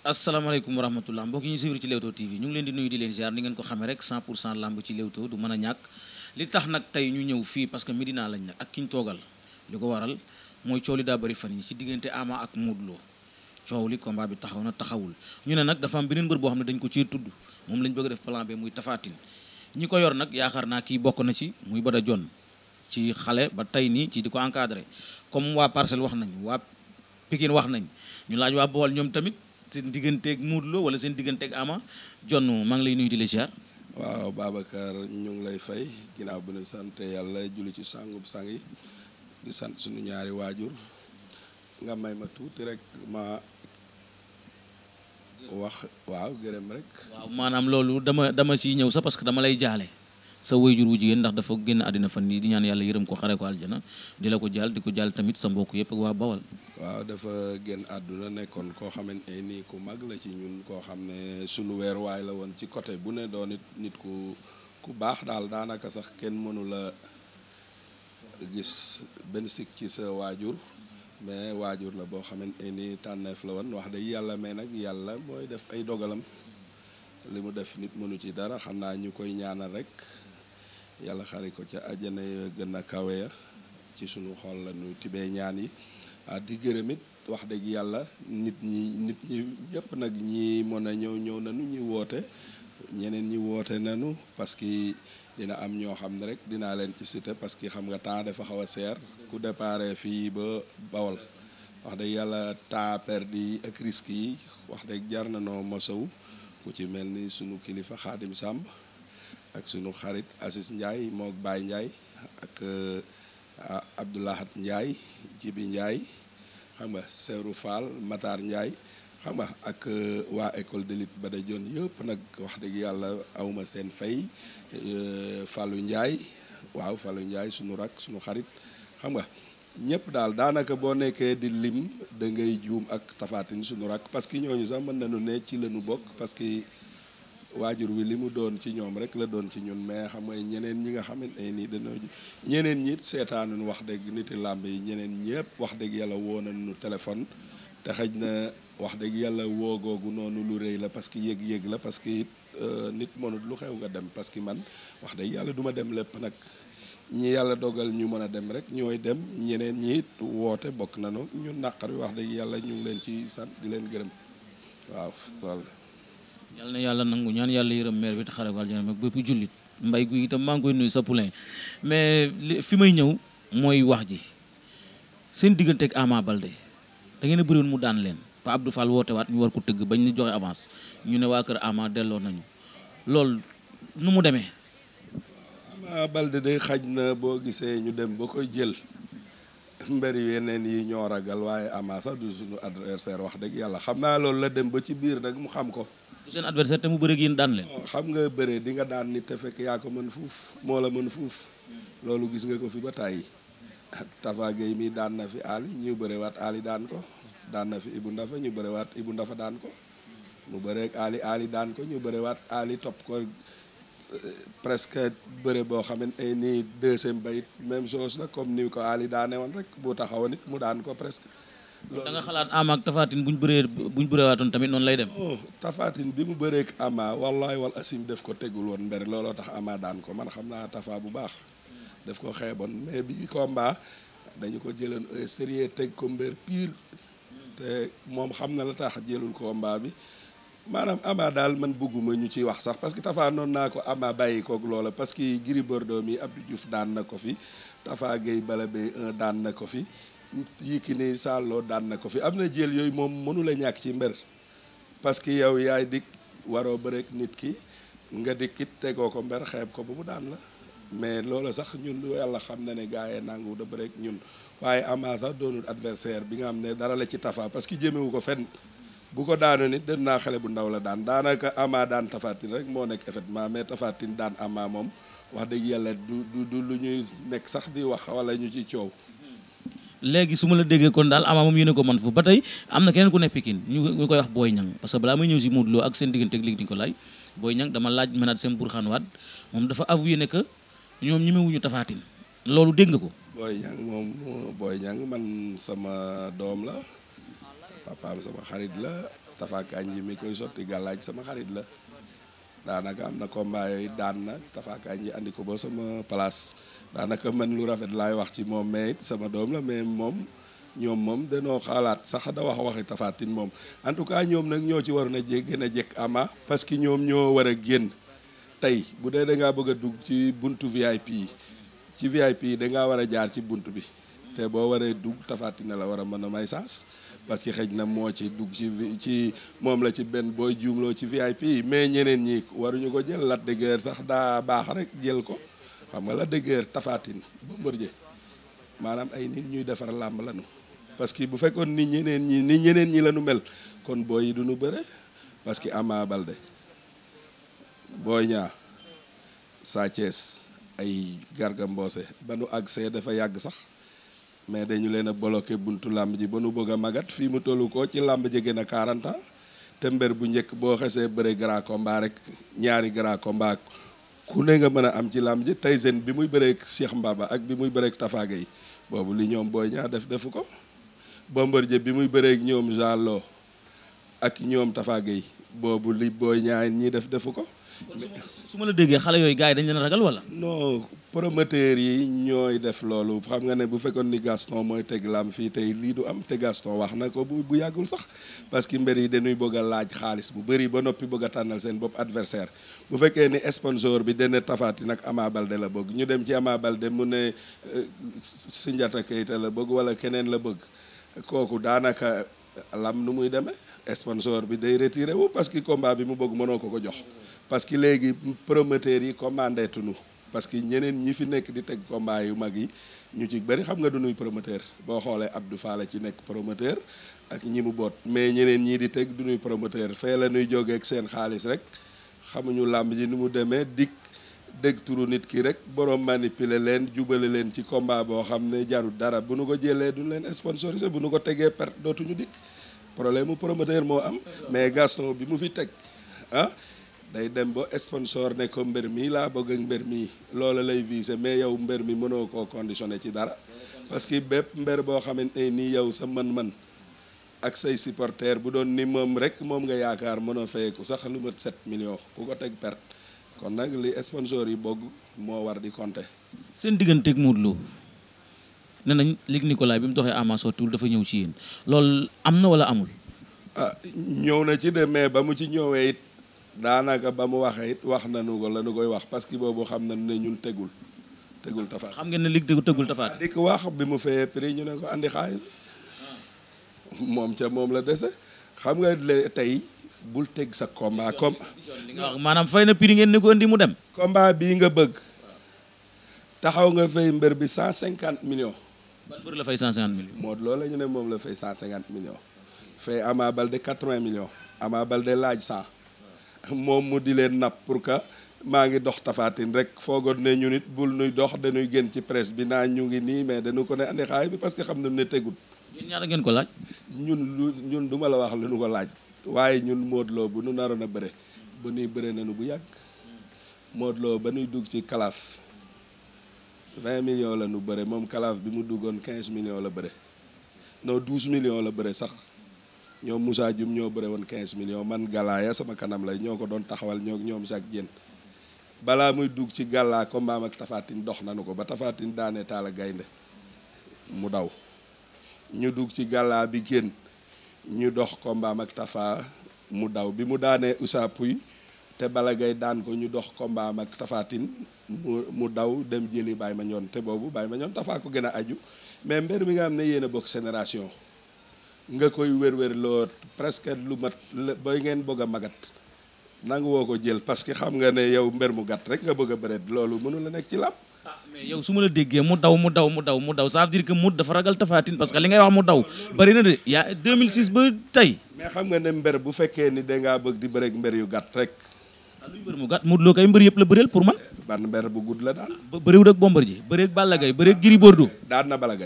asalaamaaleykum wa rahmatullah mbokk yi ñu suivre ci Leewtoo TV ñu ngi leen di nuyu di leen ziar ni ngeen ko xamee rek 100 ci Leewtoo du mën a ñàkk li tax nag tey ñu ñëw fii parce que Medina lañ nag ak ki ñu toogal li ko waral mooy coow li daa bëri fan yi ci diggante Ama ak Modou Lo coow li combat bi taxaw na taxawul ñu ne nag dafa am beneen mbër boo xam ne dañ ko ci tudd moom lañ bëgg def plan B muy Tapha Tine ñi ko yor nag yaakaar naa kii bokk na ci muy Bada Dione ci xale ba tey nii ci di ko encadré comme waa Parcelles wax nañ waa Pikine wax nañ ñu laaj waa Bawol ñoom tamit seen digganteeg Modou Lo wala seen digganteeg Ama John maa ngi lay nuyu di la waaw Babacar ñu ngi lay fay ginnaaw bu ñu sant yàlla julli ci sangub sang yi di sant suñu ñaari waajur nga may ma tuuti rek ma wax waaw gërëm rek. waaw maanaam loolu dama dama ciy ñëw sax parce que dama lay jaale. sa wayjur wu jigéen ndax dafa génn àddina fa yi di ñaan yàlla yërëm ko xare ko aljana di la ko jàll di ko jaal tamit sa mbokk yëpp ak waa Bawal. waaw dafa génn àdduna nekkoon koo xamante ni ku mag la ci ñun koo xam ne sunu weeruwaay la woon ci côté bu ne doon nit nit ku ku baax daal daanaka sax kenn mënu la gis benn sikk ci sa waajur. mais waajur la boo xamante ni tànneef la woon wax dëgg yàlla mais nag yàlla mooy def ay dogalam li mu def nit mënu ci dara xam naa ñu koy ñaanal rek. yàlla xaari ko ca àjjana ya gën a kawe ya ci sunu xol la nu tibee ñaan yi ah di gërëm wax dëgg yàlla nit ñi nit ñi yëpp nag ñi mën a ñëw ñëw nañu ñi woote ñeneen ñi woote nañu parce que dina am ñoo xam ne rek dinaa leen ci cité parce que xam nga temps dafa xaw a seer ku départ fii ba Bawol wax dëgg yàlla temps perdu yi ak risques yi wax dëgg jar na noo mosaw ku ci mel ni sunu kilifa Xaadim Sàmb ak sunu xarit Assis Ndiaye mook Baye Ndiaye ak euh, Abdoulahat Ndiaye Jibi Ndiaye xam nga Seeru Fall Matar Ndiaye xam nga ak euh, waa école de lutte Bada Dione yëpp nag wax dëgg yàlla awma seen fay euh, falu Ndiaye waaw Fallou Ndiaye sunu rak sunu xarit xam nga ñëpp daal daanaka boo nekkee di lim da ngay juum ak tafaatin sunu rak parce que ñooñu sax mën nañu ne ci la bokk parce waajur wi li mu doon ci ñoom rek la doon ci ñun mais xam nga ñeneen ñi nga xamante ne nii dañoo ñeneen ñi seetaanuñ wax dëgg niti làmb yi ñeneen ñëpp wax dëgg yàlla woo nañ nu téléphone te xëj na wax dëgg yàlla woo noonu lu rëy la parce que yëg-yëg la parce que it euh, nit lu xew nga dem parce que man wax dëgg yàlla duma dem lépp nag ñi yàlla dogal ñu mën a dem rek ñooy dem ñeneen ñi woote bokk nañu ñu naqar bi wax dëgg yàlla ñu ngi leen ci sant di leen gërëm waaw yal na yàlla nangu ñaan yàlla yërëm mère bi te xare ko aljana bépp jullit mbay guy itam maa ngi koy nuyu sa poulain mais fi may ñëw mooy wax ji seen diggante ak Ama Baldé da ngeen a mu daan leen Pa Abdou Fall woote waat ñu war ko tëgg bañ ñu joxe avance ñu ne waa kër Ama delloo nañu loolu nu mu demee. Ama Baldé day xaj na boo gisee ñu dem ba ko jël mbër yeneen yi ñoo ragal waaye amaa sax du suñu adversaire wax dëgg yàlla xam naa loolu la dem ba ci biir nag mu xam ko. seen adversaire te mu bëre ak daan leen. Oh, xam nga bëre di nga daan nit te fekk yaa ko mën fuuf moo la mën fuuf loolu gis nga ko fi ba tàyyi Tafa Gueye daan na fi Ali ñu waat Ali daan ko daan na fi Ibou Ndafa ñu bërewaat Ibou Ndafa daan ko mu bëreeg Ali Ali daan ko ñu bërewaat Ali topp ko euh, presque bëre boo xamante ni deuxième bayit même chose la comme ni ko Ali daane woon rek bu taxawoon it mu daan ko presque. da nga xalaat Ama ak Tapha Tine buñ bëree buñ bëreewaatoon tamit noonu lay dem. Oh, Tapha Tine bi mu bëree ak Ama wallaay wal asim def ko tegul woon mbir looloo tax amaa daan ko man xam naa Tapha bu baax. def ko xeeboon mais bi ko combat dañu ko jëloon sérieux teg ko mbir pire. te moom xam na la taax jëlul ko combat bi. maanaam Ama daal man bëgguma ñu ciy wax sax parce que Tafa noon naa ko Ama bàyyi kook loola parce que Gris Bordeaux mi Abdou Diouf daan na ko fi Tafa Gueye Balla Beye 1 daan na ko fi Yékini saaloo daan na ko fi am na jël yooyu moom mënula ñàkk ci mbër parce que yow yaay dikk waroo bëreek nit ki nga dikkit tegoo ko mber xeeb ko ba mu daan la mais loolu sax ñun yàlla xam na ne gars yi nangu da bëreek ñun waaye Ama sax doonul adversaire bi nga xam ne dara la ci tafaa parce que jëmewu ko fen bu ko daanu nit dem naa xale bu ndaw la daan daanaka amaa daan Tapha Tine rek moo nekk effectivement mais Tapha Tine daan amaa moom wax dëgg yàlla du du du lu ñuy nekk sax di wax wala ñu ci coow léegi su ma la déggee kon daal Ama moom yéene ko man fu ba tey am na keneen ku ne Pikine ñu koy wax Boy Niang parce que balaa may ñëw si Modou Lo ak seen diggante ak Luc Nicolaï Boy Niang dama laaj mënaat seen Bourkhane Wade moom dafa avoué ne que ñoom ñemewuñu Tapha Tine loolu dégg nga ko. booy Niang moom Boy man sama doom la papaam sama xarit la Tafa Kanji mi koy sotti gàllaaj sama xarit la. daanaka am na combat yooyu daan na tafaakaan yi andi ko ba sama place daanaka man lu rafet laay wax ci moom mais sama doom la mais moom ñoom moom danoo xalaat sax da wax waxi tafaatin moom en tout cas ñoom nag ñoo ci waroon a jég gën a jekk ama parce que ñoom ñoo war a génn tey bu dee da ngaa bëgg a dugg ci buntu VIP ci VIP da ngaa war a jaar ci bunt bi te boo waree dugg tafaati la war a mën a may saas parce que xëj na moo ci dugg ci moom la ci benn booy juumloo ci VIP mais ñeneen ñi waruñu ko jël Lac de sax daa baax rek jël ko xam nga Lac de tafaatin ba mbërje maanaam ay nit ñuy defar làmb lanu parce que bu fekkoon ni ñeneen ñi ni ñeneen ñi lanu mel kon booy yi duñu bëre parce que Ama Baldé ñaa Niang Sa ay Garga Mbossé ba nu àgg dafa yàgg sax mais dañu leen a bloqué buntu làmb ji ba nu bëgg a magat fii mu tollu ko ci làmb ji gën a 40 te mbër bu njëkk boo xesee bëre grand combat rek ñaari grand combat ku ne nga mën a am ci làmb ji tey seen bi muy bëree Cheikh Mbaba ak bi muy bëree tafaage Gueye boobu li ñoom booy ñaar def defu ko Bombardier bi muy bëree ñoom Jallo ak ñoom Tafa Gueye boobu li booy ñaar ñi def defu ko. su ma la déggee xale yooyu gars yi dañ leen ragal wala. non promoteurs yi ñooy def loolu xam nga ne bu fekkoon ni Gaston mooy teg lam fii tey lii du am te Gaston wax na ko bu bu yàggul sax parce que mbër yi dañuy bëgg a laaj xaalis bu bëri ba noppi bëgg tànnal seen bopp adversaire bu fekkee ni sponsor bi dana tafaati nag amaa balde la bëgg ñu dem ci Ama Baldé mu ne eh, Sunjata Keita la bëgg wala keneen la bëgg kooku daanaka eh, lam nu muy demee sponsor bi day retiré wu parce que combat bi mu bëgg mënoo ko ko jox. parce que léegi promoteurs yi commandé tunu parce que ñeneen ñi fi nekk di teg combat yu mag yi ñu ci bëri xam nga du promoteur boo xoolee Abdou Fall ci nekk promoteur ak ñi mu boot mais ñeneen ñii di teg du nuy promoteur fee la ñuy jógee ak seen xaalis rek xamuñu làmb ji ni mu demee dikk dégg nit ki rek borom manipuler leen jubale leen ci combat boo xam ne jarul dara bu nu ko jëlee duñu leen sponsorisé bu nu ko tegee perte dootuñu dikk problème mu promoteur moo am mais Gaston bi mu fi teg ah. day dem ba sponsor ne ko mbër mii laa bëgg ak mbër mi loola lay visé mais yow mbër mi mënoo koo conditionné ci dara parce que bépp mbër boo xamante ne nii yow sa man man ak say supporter bu doon ni moom rek moom nga yaakaar mënoo fayeku sax lu mat 7 millions ku ko teg perte kon nag li sponsor yi bëgg moo war di compter. seen digganteeg Modou Lo nee nañ Luc Nicolaï bi mu doxee ama sottiwul dafa ñëw ci yéen loolu am na wala amul. ah ñëw na ci de mais ba mu ci ñëwee it. daanaka ba mu waxee it wax nañu ko la nu koy wax parce que boobu xam nañu ne ñun tegul tegul tafaat. xam ngeen ne lig tegul tafaat. di ko wax bi mu fayee prix ñu ne ko andi xaalis moom ca moom la dese xam nga tey bul teg sa combat comme. li nga wax maanaam fay na prix ngeen ni ko andi mu dem. combat bii nga bëgg taxaw nga fay mbër bi cent cinquante millions. ban mbër la fay cent cinquante millions. moo loolu la ñu ne moom la fay cent cinquante millions. fay Ama Baldé quatre-vingts millions. Ama Baldé laaj cent. moom mu di leen napp pour que maa ngi dox tafaatin rek foogoon ne ñu it bul nuy dox danuy gën ci presse bi naa ñu ngi nii mais dañu ko ne andi xaay bi parce que xam nañu ne tegul. ñun ñaata ngeen ko laaj. ñun lu ñun du ma la wax lu ko laaj. waaye ñun mootloo Lo bu nu naroon a bëre. ba nuy bëre nañu bu yàgg. Modou ba nuy dugg ci kalaaf. 20 millions la nu bëre moom kalaaf bi mu duggoon 15 millions la bëre. non 12 million la bëre sax. ñoom Moussa Dioum ñoo bëre woon 15 millions man galaaya sama kanam lay ñoo ko doon taxawal ñoo ñoom Jacques Diène balaa muy dugg ci gàllaa kombaam ak tafaatin dox nanu ko ba Tafatine daane taala gaynde mu daw ñu dugg ci gàllaa bi génn ñu dox combat ak Tafa mu daw bi mu daanee Oussa Pouy te bala gay daan ko ñu dox combat am ak Tafatine mu mu daw dem jëli Baye Mandione te boobu Baye Mandione Tafa ko gën a aju mais mbir mi nga xam ne yéen a bokk génération. nga koy wér-wér loo presque lu mat ba ngeen bëgga a magat nangu woo ko jël parce que xam nga ne yow mbër mu gàtt rek nga bëgg a bëreet loolu mënu la nekk ci làmb. ah mais su ma la déggee mu daw mu daw mu daw mu daw ça veut dire que mu dafa ragal tafaatin parce que li ngay wax mu daw bëri na de yaa 2006 ba tey. mais xam nga ne mbër bu fekkee ni da ngaa bëgg di bëreeg mbër yu gàtt rek. ah luy mu gàtt Modou mbër yëpp la bëreel pour man. ban mbër bu gudd la daal. ba bëriwul ak Bombardier bëreeg Balla Gaye bëreeg Gris Bordeaux. daan na Balla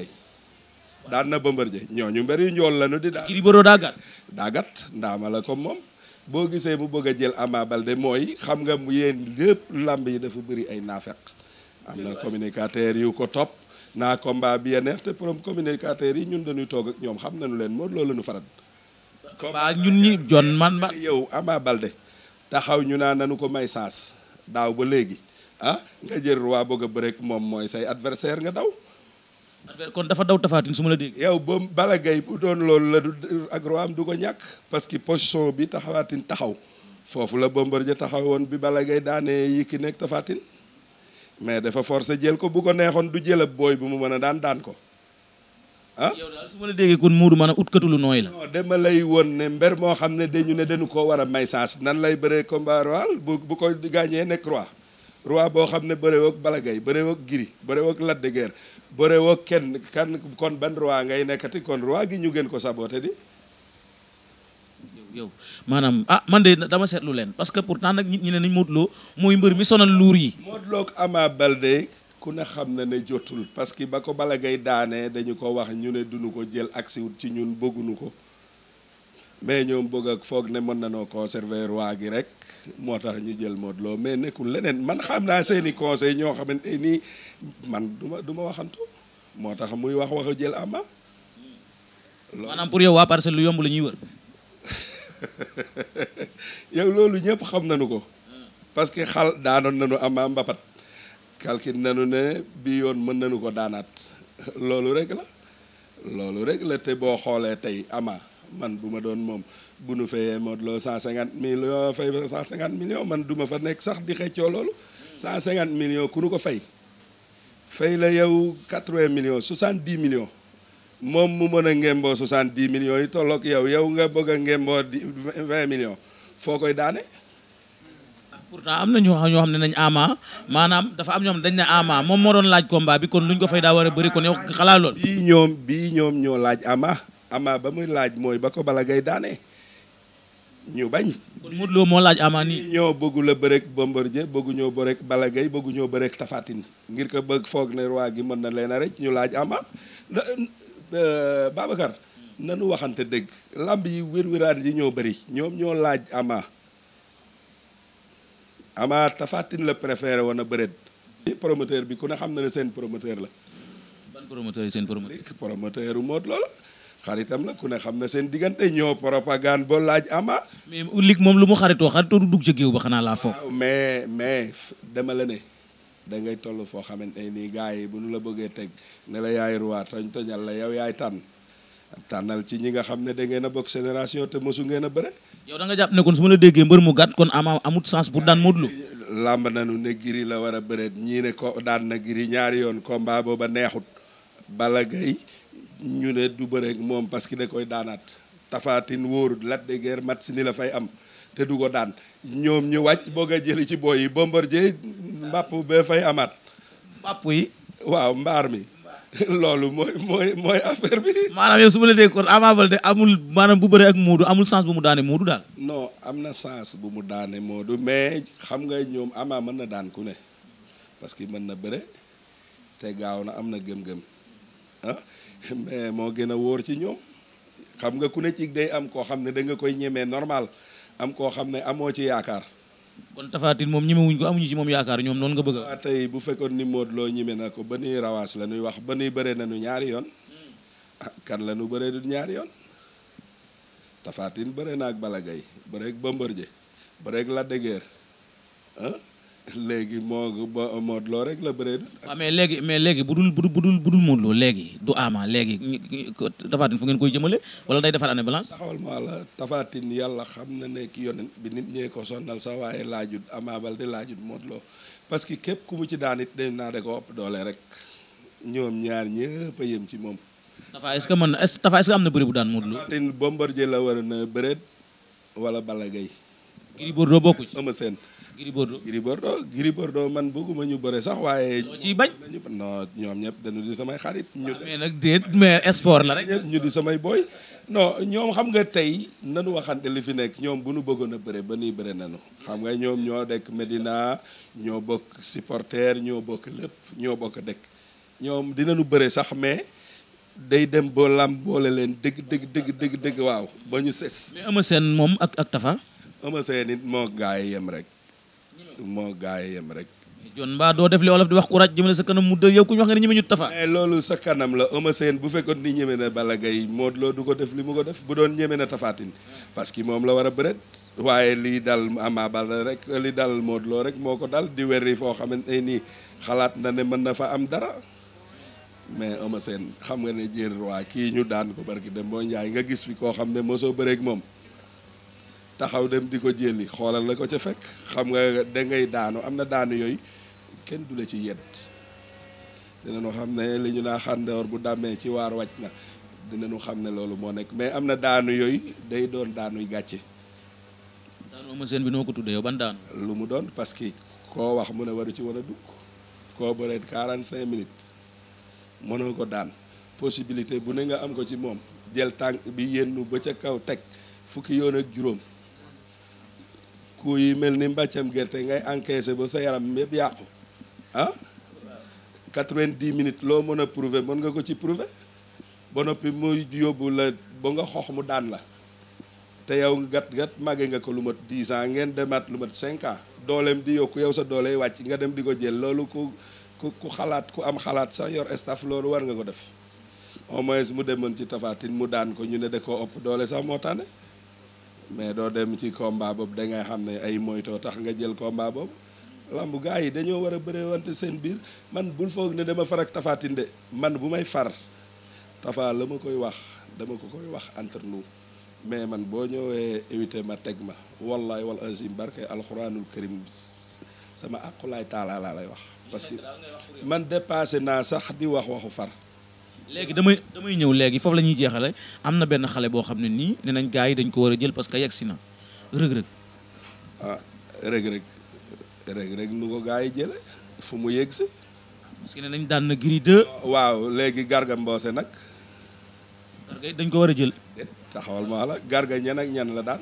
daan na ñoo ñu mbër yu njool lañu di daan. Gris Bordeaux daa gàtt. daa gàtt ndaama la moom boo gisee mu bëgg a jël Ama Baldé mooy xam nga yéen lépp làmb yi dafa bëri ay naafeq am na communicateur yu ko topp naa combat bi neex te prom communicateurs yi ñun dañuy toog ñoom xam nañu leen moo loolu nu faral. combat ñun ñi jon man man yow Ama Baldé taxaw ñu naa nanu ko may saas daaw ba léegi ah nga jël roi bëgg a bëreek moom mooy say adversaire nga daw. kon dafa daw tafaatin su ma la dégg. yow ba Balla bu doon loolu la du ak am du ko ñàkk parce que position bi taxawaatin taxaw foofu la Bombardier taxaw woon bi Balla Gaye daanee ki nekk tafaatin mais dafa forcé jël ko bu ko neexoon du jëla booy bu mu mën a daan daan ko ah. yow daal su ma la déggee kon muudu maanaam utkatu lu nooy la. non woon ne mber moo xam ne dañu ne dañu koo war a may saas nan lay bëree combat royal bu bu ko gaañee nekk roi roi boo xam ne bëree woog Balla Gaye bëree woog Gris bëree bëre woo kenn kan kon ban roi ngay nekkati kon roi gi ñu gën ko saboté di yow maanaam ah man de dama seetlu leen parce que pourtant nag nit ñi ne nañ Modou Lo mooy mbër mi sonal luur yi Modou Lo ak Ama Baldé ku ne xam na ne jotul parce que ba ko bala ngay daanee dañu ko wax ñu ne duñu ko jël agsiwut ci ñun bëgguñu ko mais ñoom bëgg ak foog ne mën nañoo conserver roi gi rek moo tax ñu jël Modou Lo mais nekkul leneen man xam naa seeni conseil ñoo xamante nii man du ma du ma waxantu moo tax muy wax wax a jël ama loolu maanaam pour yow waa parcelle lu yomb la ñuy wër. yow loolu ñëpp xam nañu ko. parce que xal daanoon nañu ama mbapat. calcul nañu ne bi yoon mën nañu ko daanaat loolu rek la loolu rek la te boo xoolee tey ama. man bu ma doon moom bu nu fayee Modou Lo cent cinquante millions fay cent cinquante millions man duma fa nekk sax di xeccoo loolu cent cinquante millions ku nu ko fay fay la yow quatre-vingts millions soixante-dix millions moom mu mën a ngemboo soixante-dix millions yi tollook yow yow nga bëgg a ngemboo vingt millions foo koy daane pourtant am na ñoo xam ñoo xam ne nañ ama maanaam dafa am ñoo xam ne dañ ne ama moom moo doon laaj combat bi kon ñu ko fay daa war a bëri kon yow xalaat lool bii ñoom bii ñoom laaj ama Ama ba muy laaj mooy ba ko Balla Gaye daane ñu bañ. kon Modou Lo moo laaj Ama nii. ñoo bëggu la bëreeg Bombardier bëggu ñoo bëreeg Balla Gaye bëggu ñoo bëreeg Tapha Tine ngir ko bëgg foog ne roi gi mën na leen a rek ñu laaj Ama euh, Babacar. nanu waxante dëgg lamb yi wér-wéraan yi ñoo bëri ñoom ñoo laaj Ama Ama Tapha Tine la préféré woon a bëreet. bi ku ne xam na ne seen promoteur la. ban promoteur seen promoteur. la. xaritam la ku ne xam na seen diggante ñoo propagande ba laaj ama mais lig moom lu mu xaritoo xaritoo du dugg ci ba xanaa laa foog mais mais dama la ne da ngay toll foo xamante nii gars yi bu nu la bëggee teg ne la yaay ruwaat toñ toñal la yow yaay tànn tànnal ci ñi nga xam ne da ngeen a bokk génération te mosu ngeen a bëre yow da nga jàpp ne kon su ma la déggee mbër mu gàtt kon ama amut sens pour daan Modou Lo làmb nanu ne giri la war a bëreet ñii ne ko daan na giri ñaari yoon combat booba neexut bala Gaye ñu ne du bëreeg moom parce que da koy daanaat tafaatin wóorul Lac de Guiers mat si ni la fay am te du ko daan ñoom ñu wàcc boog a jëli ci booy yi Bombardier mbàpp ba fay amaat mbàpp yi waaw mbaar mi loolu mooy mooy mooy affaire bi maanaam yow su ma la dégg kon Ama Baldé amul maanaam bu bëre ak Modou amul sens bu mu daane Modou daal non am na sens bu mu daane Modou mais xam nga ñoom amaa mën na daan ku ne parce que mën na bëre te gaaw na am na gëm-gëm ah moo gën a wóor ci ñoom xam nga ku ne ci day am koo xam ne da nga koy ñemee normal am koo xam ne amoo ci yaakaar. kon tafaatin moom ñemewuñ ko amuñu ci moom yaakaar ñoom noonu nga bëgg a. tey bu fekkoon ni Modou Lo ñeme na ko ba nuy rawaas la nuy wax ba nuy bëree na nu ñaari yoon ah kan la nu bëree du ñaari yoon tafaatin bëree na ak balagay Gaye bëree ak Bombardier bëree ak Lac de ah. léegi moo Modou rek la bëree na. léegi mais léegi bu dul bu bu dul Modou Lo léegi du Ama léegi Tapha fu ngeen koy jëmale wala day defar année balance. taxawal la Tapha yàlla xam na ne ki yonent bi nit ñee ko sonnal sax waaye laajut Ama Baldé laajut parce que képp ku mu ci daan it dañ naa da ko ëpp doole rek ñoom ñaar ñëpp a ci moom. Tapha est-ce que mën na Tapha est-ce am na bëri bu daan Modou Lo. Tapha Tine Bombardier la war na bëreet wala Balla Gaye. Gris Bordeaux bokku ci Gris Bordeaux Gris Bordeaux man bëgguma ñu bëre sax waaye. ci ciy bañ non ñoom ñëpp dañu di samay xarit. ñu ah, nag mais sport la rek. ñu di samay booy. non ñoom xam nga tey nanu waxante li fi nekk ñoom bu nu bëggoon a bëre ba nuy bëre nanu xam nga ñoom ñoo dekk Medina ñoo bokk supporter ñoo bokk lépp ñoo bokk dekk ñoom dinañu bëre sax mais day dem boo lam boole leen dëgg dëgg dëgg dëgg dëgg waaw ba ñu ses. mais seen moom ak ak Tafa. Eumeu Sène it moo gaay yem rek. moo gaay yem rek. jon mbaa doo def li olof di wax ku raj jëmale sa kanam mu de yow ku ñu wax nga ne ñeme ñu tafa. mais loolu sa kanam la Eumeu Sène bu fekkoon ni ñeme na Balla moo loo du ko def li mu ko def bu doon ñeme na tafaatin parce que moom la war a bëreet waaye lii dal Ama Baldé rek li dal Modou Lo rek moo ko dal di weri foo xamante ne nii xalaat na ne mën na fa am dara mais Eumeu Sène xam nga ne jër waa kii ñu daan ko barki dem boo njaay nga gis fi koo xam ne mosoo bëreeg moom. taxaw dem di ko jëli xoolal na ko ca fekk xam nga da daanu am na daanu yooyu kenn du la ci yedd dinañu xam ne lañu ñu naa xàndoor bu dàmmee ci waar wàcc na dinañu xam ne loolu moo nekk mais am na daanu yooyu day doon daanuy gàcce. daanu ma seen bi noo ko tuddee yow ban daanu. lu mu doon parce que koo wax mu ne waru ci war a dugg koo bëreet 45 minutes mënoo ko daan possibilité bu ne nga am ko ci moom jël tànk bi yennu ba ca kaw teg fukki yoon ak juróom. coup yi mel ni mbàccam gerte ngay encaissé ba sa yaram yëpp yàqu ah quatre vingt di minutes loo mën a prouver mën nga ko ci prouver ba noppi mu yóbbu la ba nga xox mu daan la te yow gat gat màggee nga ko lu mat dix ans ngeen demaat lu mat cinq ans dooleem di yokk yow sa doole wàcc nga dem di ko jël loolu ku ku ku xalaat ku am xalaat sax yor staff loolu war nga ko def au moins mu man ci Tapha mu daan ko ñu ne da koo ëpp doole sax moo taane mais doo dem ci combat boobu da ngay xam ne ay moytoo tax nga jël combat boobu lambu gars yi dañoo war a bëree wante seen biir man bul foog ne dama far ak Tapha de man bu may far Tapha la ma koy wax dama ko koy wax entre nous mais man boo ñëwee éviter ma teg ma wallahi wal azim barke alxuraanul karim sama aqulaay taala laa lay wax parce que man dépassé naa sax di wax waxu far léegi damay damay ñëw léegi foofu la ñuy jeexale am na benn xale boo xam ne nii ne gaa yi dañ ko war a jël parce que yegg si na rëg-rëg ah rëg nu ko gars yi jële fu mu yegg si parce que ne nañ daan na giri waaw léegi garga mboose nag garga dañ ko war a jël taxawal maa la garga ñan ak ñan la daan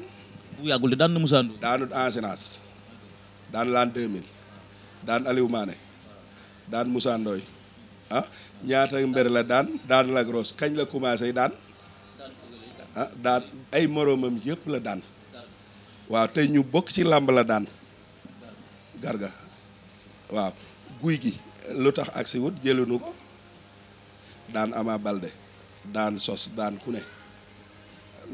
bu yàggul daan na Moussa Ndour daanut Ancenas daan l'an 2000 daan Aliou Mané daan Moussa ah ñaata mbër la daan daan la grosse kañ la commencé daan ah ay moroomam yëpp la daan waaw te ñu bokk ci làmb la daan garga waaw guy gi lu tax ak si wut jëlunu ko daan Ama Balde daan sos daan ku ne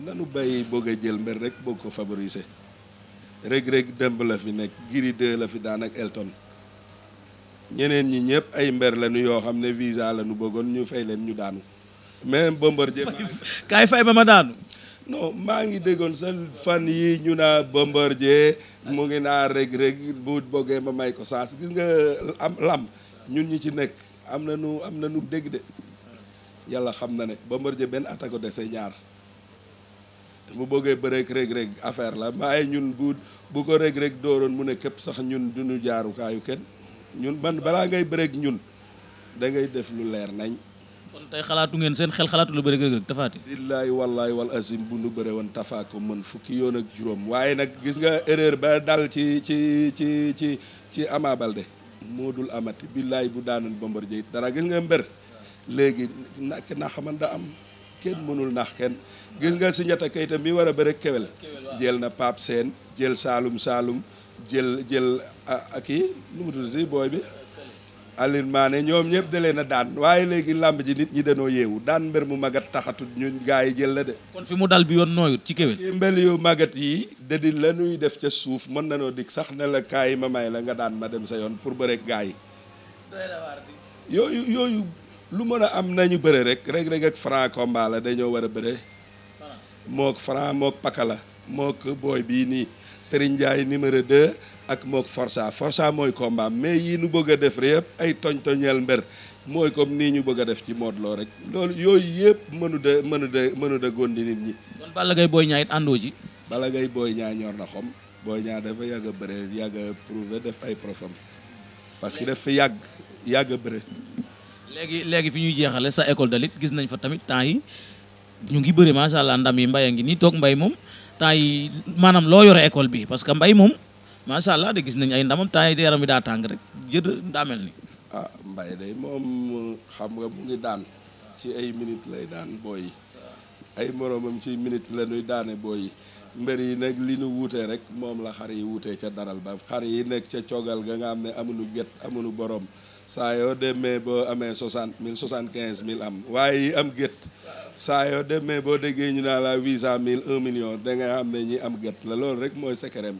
nanu bàyyi bëgg jël mbër rek bëgg ko favoriser Reug Reug dëmb la fi nekk Gris 2 la fi daan ak Elton ñeneen ñi ñëpp ay mber lañu yoo xam ne visa lañu bëggoon ñu fay leen ñu daanu même Bombardier kaay fay ba ma daanu non maa ngi déggoon sa fan yi ñu naa Bombardier mu ngi naa Reug Reug bu bëggee ma may ko saas gis nga am lam ñun ñi ci nekk am na nu am na nu dégg de yàlla xam na ne Bombardier benn attaque ko dese ñaar bu bëggee bëreeg Reug Reug affaire la maaye ñun bu bu ko Reug Reug dooroon mu ne képp sax ñun duñu jaarukaayu kenn ñun man balaa ngay bëreeg ñun da ngay def lu leer nañ. kon tey xalaatu ngeen seen xel xalaatu lu bëri rek tafaati. billaahi wallaahi wal azim bu nu bëre woon tafaa ko mën fukki yoon ak juróom waaye nag gis nga erreur ba dal ci ci ci ci ci Ama Baldé moo dul amati billaahi bu daanoon Bombardier dara gis nga mbër léegi nak na xaman da am kenn mënul nax kenn gis nga si ñetta kayitam bi war a bëre kewel jël na Pape seen jël Saalum Saalum jël jël ak kii nu mu si booy bi Alioune Mané ñoom ñëpp da na daan waaye léegi làmb ji nit ñi dañoo yeewu daan mbër mu magat taxatut ñu gaa yi jël la de. kon fi mu dal bi yoon nooyut ci kéwél. ci mbel yu magat yi dadi la ñuy def ca suuf mën nañoo dig sax ne la kaay ma may la nga daan ma dem sa yoon pour bëreeg gaay yi. yooyu lu mën a am nañu bëre rek rek rek ak franc combat la dañoo war a bëre. mook franc mook paka la mook booy bii nii. Serigne Ndiaye numéro 2 ak mook Força Força mooy combat mais yii nu bëgg a def rek yëpp ay toñ-toñeel mbër mooy comme nii ñu bëgg a def ci Modou rek loolu yooyu yëpp mënu de mënu de de gondi nit ñi. kon Balla Gaye Boy Niang it àndoo ji. Balla Gaye Boy Niang ñor na xom Boy Niang dafa yàgg a bëre yàgg a def ay profam parce que dafa yàgg yàgg a bëre. léegi léegi fi ñuy jeexale sa école de lutte gis nañ fa tamit temps yi ñu ngi bëri macha allah ndam yi mbay a ngi nii toog mbay moom. temps yi maanaam loo yore école bi parce que mbay moom macha allah de gis nañ ay ndamam temps yi yaram bi daa tàng rek jër daa mel ni. a ah, mbay day moom xam nga mu ngi daan ci ay minutes lay daan booy ay moroomam ci minutes la nuy daane booy mbër yi nag li nu wuutee rek moom la xar yi wuutee ca daral ba xar yi nekk ca coogal ga nga am xam ne amuñu gét amuñu boroom saa yoo demee boo amee soixante mille soixante quinze mille am waaye yi am gët saa yoo demee boo déggee ñu naa la huit cent mille un million da nga xam ñi am gët la loolu rek mooy secret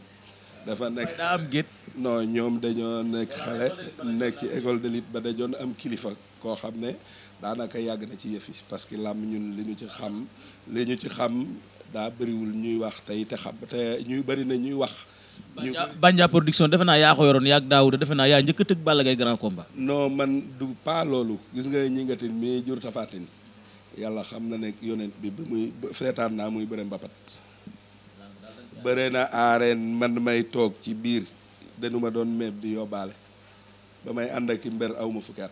dafa nekk daa am gët non ñoom dañoo nekk xale nekk ci école de lutte ba dajoon am kilifa koo xam ne daanaka yàgg na ci yëf yi parce que làmb ñun li ñu ci xam li ñu ci xam daa bëriwul ñuy wax tey te xam te ñuy bëri na ñuy wax Bandia production defe naa yaa ko yoroon naa yaa njëkk a tëgg Balla Gaye grand combat. non man du pas gis nga ñi nga tin mii jur yàlla xam na ne yonent bi bi muy seetaan naa muy bëre mbapat bëre na aareen man may toog ci biir dañu ma doon meeb di yóbbaale ba may ànd ak mber aw ma fukki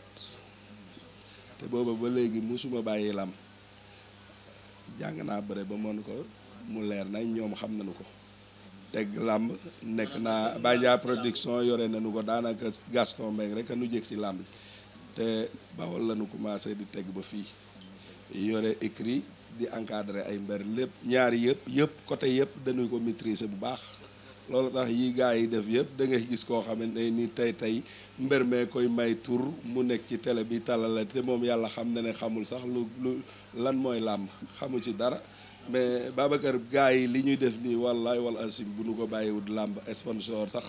te booba ba léegi musuma bàyyi lam jàng naa bëre ba mën ko mu leer nañ ñoom xam na nu ko teg làmb nekk naa Bandia production yore nañu ko daanaka Gaston Mbengue rek nu jëkk ci làmb te bawol lañu commencé di teg ba fii yore écrit di encadrer ay mbër lépp ñaari yëpp yëpp côté yëpp dañuy ko maîtriser bu baax loolu tax yi gars yi def yëpp da ngay gis koo xamante ni tey tey mber mee koy may tur mu nekk ci télé bi talala te moom yàlla xam ne ne xamul sax lu lu lan mooy làmb xamu ci dara mais Babacar gars yi li ñuy def nii wallaay wal asim bu nu ko bàyyiwul làmb sponsor sax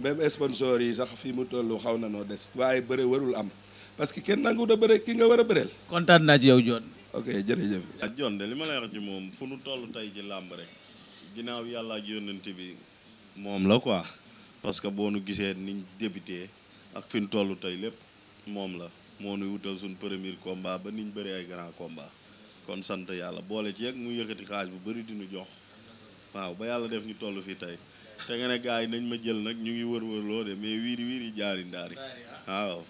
même sponsor yi sax fii mu tollu xaw na noo des waaye bëre warul am parce que kenn nangu a bëre ki nga war a bëreel. kontaan naa ci yow John. ok jërëjëf. ak ah, John de li ma lay wax ci moom fu nu tollu tey ci làmb rek ginnaaw yàlla ak yónnent bi moom la quoi parce que boo nu gisee niñ débuté ak fi nu toll tey lépp moom la moo nuy wutal suñ premier combat ba niñ bëree ay grand kon sant yàlla boole ci ak mu yëkkati xaaj bu bëri di ñu jox waaw ba yàlla def ñu toll fii tey te nga ne gars yi nañ ma jël nag ñu ngi wër-wër loole mais wiiri wiiri jaari ndaari ah. waaw.